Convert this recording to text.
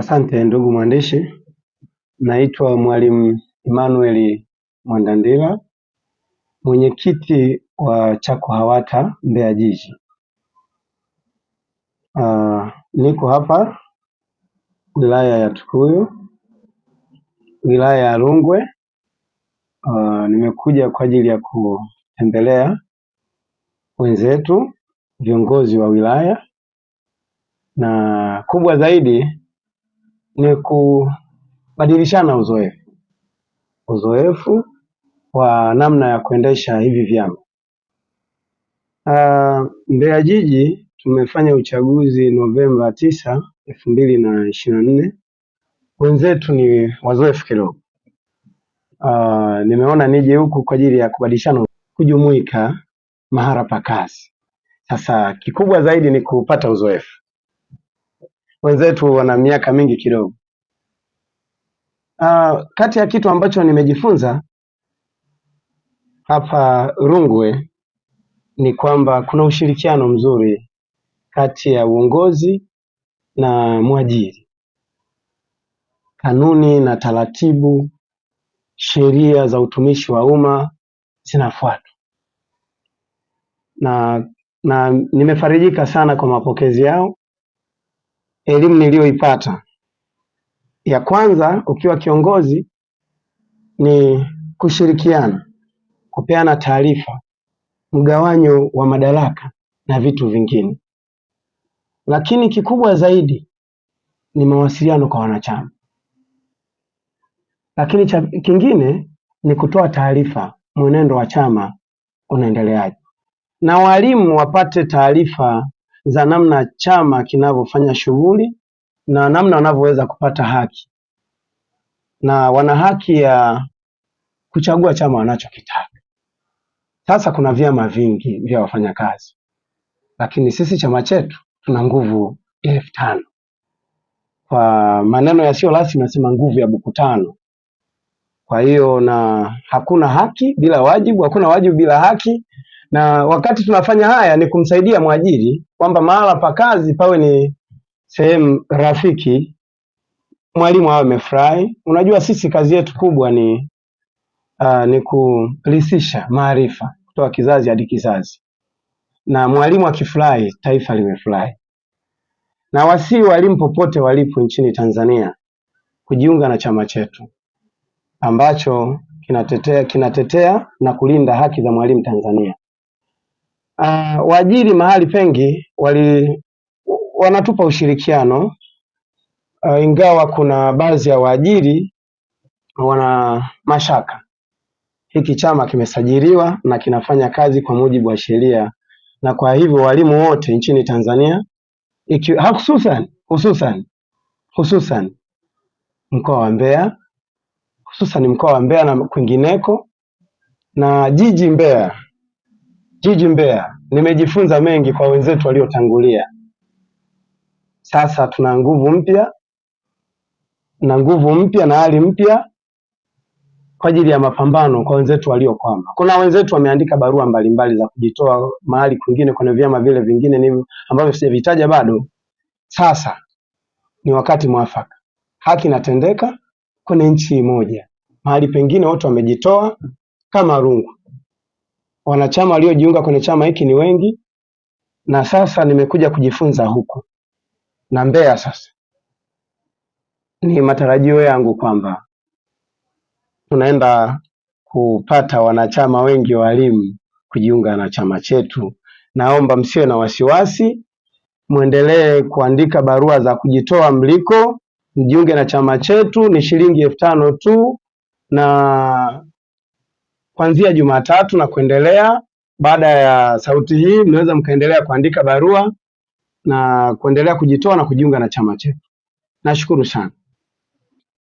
Asante ndugu mwandishi, naitwa Mwalimu Emmanuel Mwandandila, mwenyekiti wa Chako Hawata Mbeya Jiji. Uh, niko hapa wilaya ya Tukuyu, wilaya ya Rungwe. Uh, nimekuja kwa ajili ya kutembelea wenzetu viongozi wa wilaya na kubwa zaidi ni kubadilishana uzoefu, uzoefu wa namna ya kuendesha hivi vyama. Uh, Mbeya jiji tumefanya uchaguzi Novemba tisa elfu mbili na ishirini na nne. Wenzetu ni wazoefu kidogo. Uh, nimeona nije huku kwa ajili ya kubadilishana, kujumuika mahara pa kazi. Sasa kikubwa zaidi ni kupata uzoefu wenzetu wana miaka mingi kidogo. Uh, kati ya kitu ambacho nimejifunza hapa Rungwe ni kwamba kuna ushirikiano mzuri kati ya uongozi na mwajiri. Kanuni na taratibu, sheria za utumishi wa umma zinafuatwa na, na nimefarijika sana kwa mapokezi yao elimu niliyoipata. Ya kwanza ukiwa kiongozi ni kushirikiana, kupeana taarifa, mgawanyo wa madaraka na vitu vingine, lakini kikubwa zaidi ni mawasiliano kwa wanachama, lakini cha kingine ni kutoa taarifa, mwenendo wa chama unaendeleaje, na walimu wapate taarifa za namna chama kinavyofanya shughuli na namna wanavyoweza kupata haki, na wana haki ya kuchagua chama wanachokitaka. Sasa kuna vyama vingi vya wafanyakazi, lakini sisi chama chetu tuna nguvu elfu tano kwa maneno yasiyo rasmi nasema nguvu ya buku tano. Kwa hiyo na hakuna haki bila wajibu, hakuna wajibu bila haki na wakati tunafanya haya ni kumsaidia mwajiri kwamba mahala pa kazi pawe ni sehemu rafiki, mwalimu awe amefurahi. Unajua sisi kazi yetu kubwa ni uh, ni kurithisha maarifa kutoka kizazi hadi kizazi, na mwalimu akifurahi, taifa limefurahi. Na wasii walimu popote walipo nchini Tanzania kujiunga na chama chetu ambacho kinatetea kinatetea na kulinda haki za mwalimu Tanzania. Uh, waajiri mahali pengi wali wanatupa ushirikiano uh, ingawa kuna baadhi ya waajiri wana mashaka. Hiki chama kimesajiliwa na kinafanya kazi kwa mujibu wa sheria, na kwa hivyo walimu wote nchini Tanzania hususan hususan hususan mkoa wa Mbeya hususan mkoa wa Mbeya na kwingineko na jiji Mbeya Jiji Mbeya, nimejifunza mengi kwa wenzetu waliotangulia. Sasa tuna nguvu mpya na nguvu mpya na hali mpya kwa ajili ya mapambano kwa wenzetu waliokwama. Kuna wenzetu wameandika barua mbalimbali za kujitoa mahali kwingine kwenye vyama vile vingine ni ambavyo sijavitaja bado. Sasa ni wakati mwafaka, haki inatendeka kwenye nchi moja, mahali pengine wote wamejitoa kama rungu wanachama waliojiunga kwenye chama hiki ni wengi, na sasa nimekuja kujifunza huku na Mbeya. Sasa ni matarajio yangu kwamba tunaenda kupata wanachama wengi walimu kujiunga na chama chetu. Naomba msiwe na wasiwasi, mwendelee kuandika barua za kujitoa mliko, mjiunge na chama chetu. Ni shilingi elfu tano tu na kuanzia Jumatatu na kuendelea. Baada ya sauti hii, mnaweza mkaendelea kuandika barua na kuendelea kujitoa na kujiunga na chama chetu. Nashukuru sana.